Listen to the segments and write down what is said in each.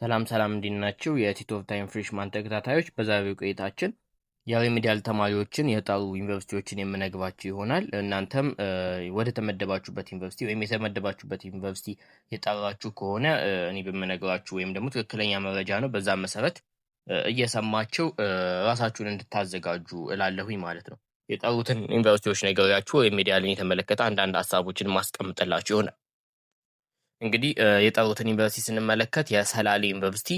ሰላም ሰላም እንዲናቸው የቲት ኦፍ ታይም ፍሬሽማን ተከታታዮች፣ በዛሬው ቆይታችን የሪሚዲያል ተማሪዎችን የጣሩ ዩኒቨርሲቲዎችን የምነግባችሁ ይሆናል። እናንተም ወደ ተመደባችሁበት ዩኒቨርሲቲ ወይም የተመደባችሁበት ዩኒቨርሲቲ የጠራችሁ ከሆነ እኔ በምነግራችሁ ወይም ደግሞ ትክክለኛ መረጃ ነው፣ በዛ መሰረት እየሰማችሁ ራሳችሁን እንድታዘጋጁ እላለሁኝ ማለት ነው። የጠሩትን ዩኒቨርሲቲዎች ነገሪያችሁ ሪሚዲያልን የተመለከተ አንዳንድ ሀሳቦችን ማስቀምጥላችሁ ይሆናል። እንግዲህ የጠሩትን ዩኒቨርሲቲ ስንመለከት የሰላሌ ዩኒቨርሲቲ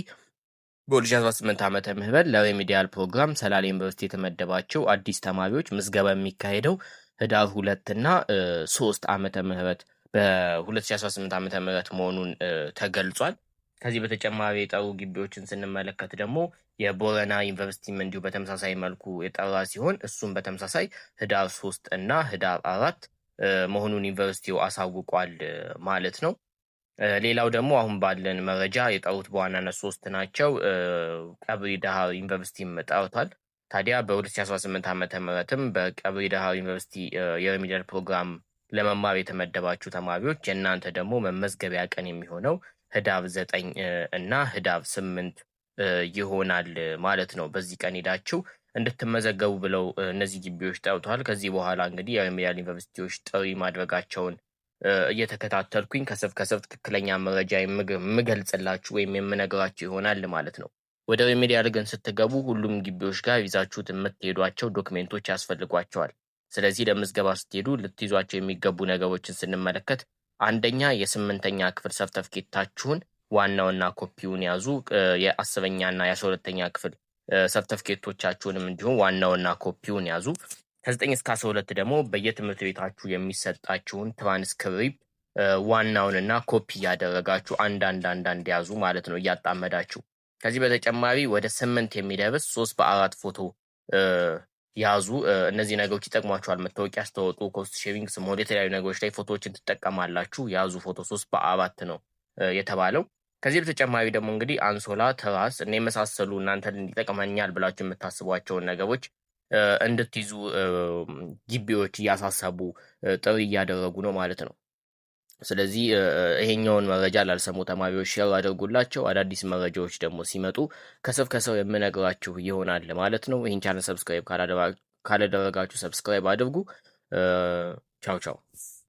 በ2018 ዓመተ ምህረት ለሬሜዲያል ፕሮግራም ሰላሌ ዩኒቨርሲቲ የተመደባቸው አዲስ ተማሪዎች ምዝገባ የሚካሄደው ህዳር ሁለት እና ሶስት ዓመተ ምህረት በ2018 ዓመተ ምህረት መሆኑን ተገልጿል። ከዚህ በተጨማሪ የጠሩ ግቢዎችን ስንመለከት ደግሞ የቦረና ዩኒቨርሲቲም እንዲሁ በተመሳሳይ መልኩ የጠራ ሲሆን እሱም በተመሳሳይ ህዳር ሶስት እና ህዳር አራት መሆኑን ዩኒቨርሲቲው አሳውቋል ማለት ነው። ሌላው ደግሞ አሁን ባለን መረጃ የቀሩት በዋናነት ሶስት ናቸው። ቀብሪ ዳሃር ዩኒቨርሲቲም ጠርቷል። ታዲያ በ2018 ዓመተ ምህረትም በቀብሪ ዳሃር ዩኒቨርሲቲ የሪሚዲያል ፕሮግራም ለመማር የተመደባችሁ ተማሪዎች የእናንተ ደግሞ መመዝገቢያ ቀን የሚሆነው ህዳር ዘጠኝ እና ህዳር ስምንት ይሆናል ማለት ነው። በዚህ ቀን ሄዳችሁ እንድትመዘገቡ ብለው እነዚህ ግቢዎች ጠርተዋል። ከዚህ በኋላ እንግዲህ የሪሚዲያል ዩኒቨርሲቲዎች ጥሪ ማድረጋቸውን እየተከታተልኩኝ ከስር ከስር ትክክለኛ መረጃ የምገልጽላችሁ ወይም የምነግራችሁ ይሆናል ማለት ነው። ወደ ሪሜዲያል ግን ስትገቡ ሁሉም ግቢዎች ጋር ይዛችሁት የምትሄዷቸው ዶክሜንቶች ያስፈልጓቸዋል። ስለዚህ ለምዝገባ ስትሄዱ ልትይዟቸው የሚገቡ ነገሮችን ስንመለከት አንደኛ የስምንተኛ ክፍል ሰርተፍኬታችሁን ዋናውና ኮፒውን ያዙ። የአስረኛና የአስራ ሁለተኛ ክፍል ሰርተፍኬቶቻችሁንም እንዲሁም ዋናውና ኮፒውን ያዙ። ከዘጠኝ እስከ አስራ ሁለት ደግሞ በየትምህርት ቤታችሁ የሚሰጣችሁን ትራንስክሪፕት ዋናውንና ኮፒ እያደረጋችሁ አንዳንድ አንዳንድ ያዙ ማለት ነው እያጣመዳችሁ። ከዚህ በተጨማሪ ወደ ስምንት የሚደርስ ሶስት በአራት ፎቶ ያዙ። እነዚህ ነገሮች ይጠቅሟችኋል። መታወቂያ ስትወጡ፣ ኮስት ሼሪንግ ስሞል፣ የተለያዩ ነገሮች ላይ ፎቶዎችን ትጠቀማላችሁ። ያዙ ፎቶ ሶስት በአራት ነው የተባለው። ከዚህ በተጨማሪ ደግሞ እንግዲህ አንሶላ፣ ትራስ እና የመሳሰሉ እናንተ ይጠቅመኛል ብላችሁ የምታስቧቸውን ነገሮች እንድትይዙ ግቢዎች እያሳሰቡ ጥሪ እያደረጉ ነው ማለት ነው። ስለዚህ ይሄኛውን መረጃ ላልሰሙ ተማሪዎች ሼር አድርጉላቸው። አዳዲስ መረጃዎች ደግሞ ሲመጡ ከስር ከስር የምነግራችሁ ይሆናል ማለት ነው። ይህን ቻናል ሰብስክራይብ ካላደረጋችሁ ሰብስክራይብ አድርጉ። ቻው ቻው።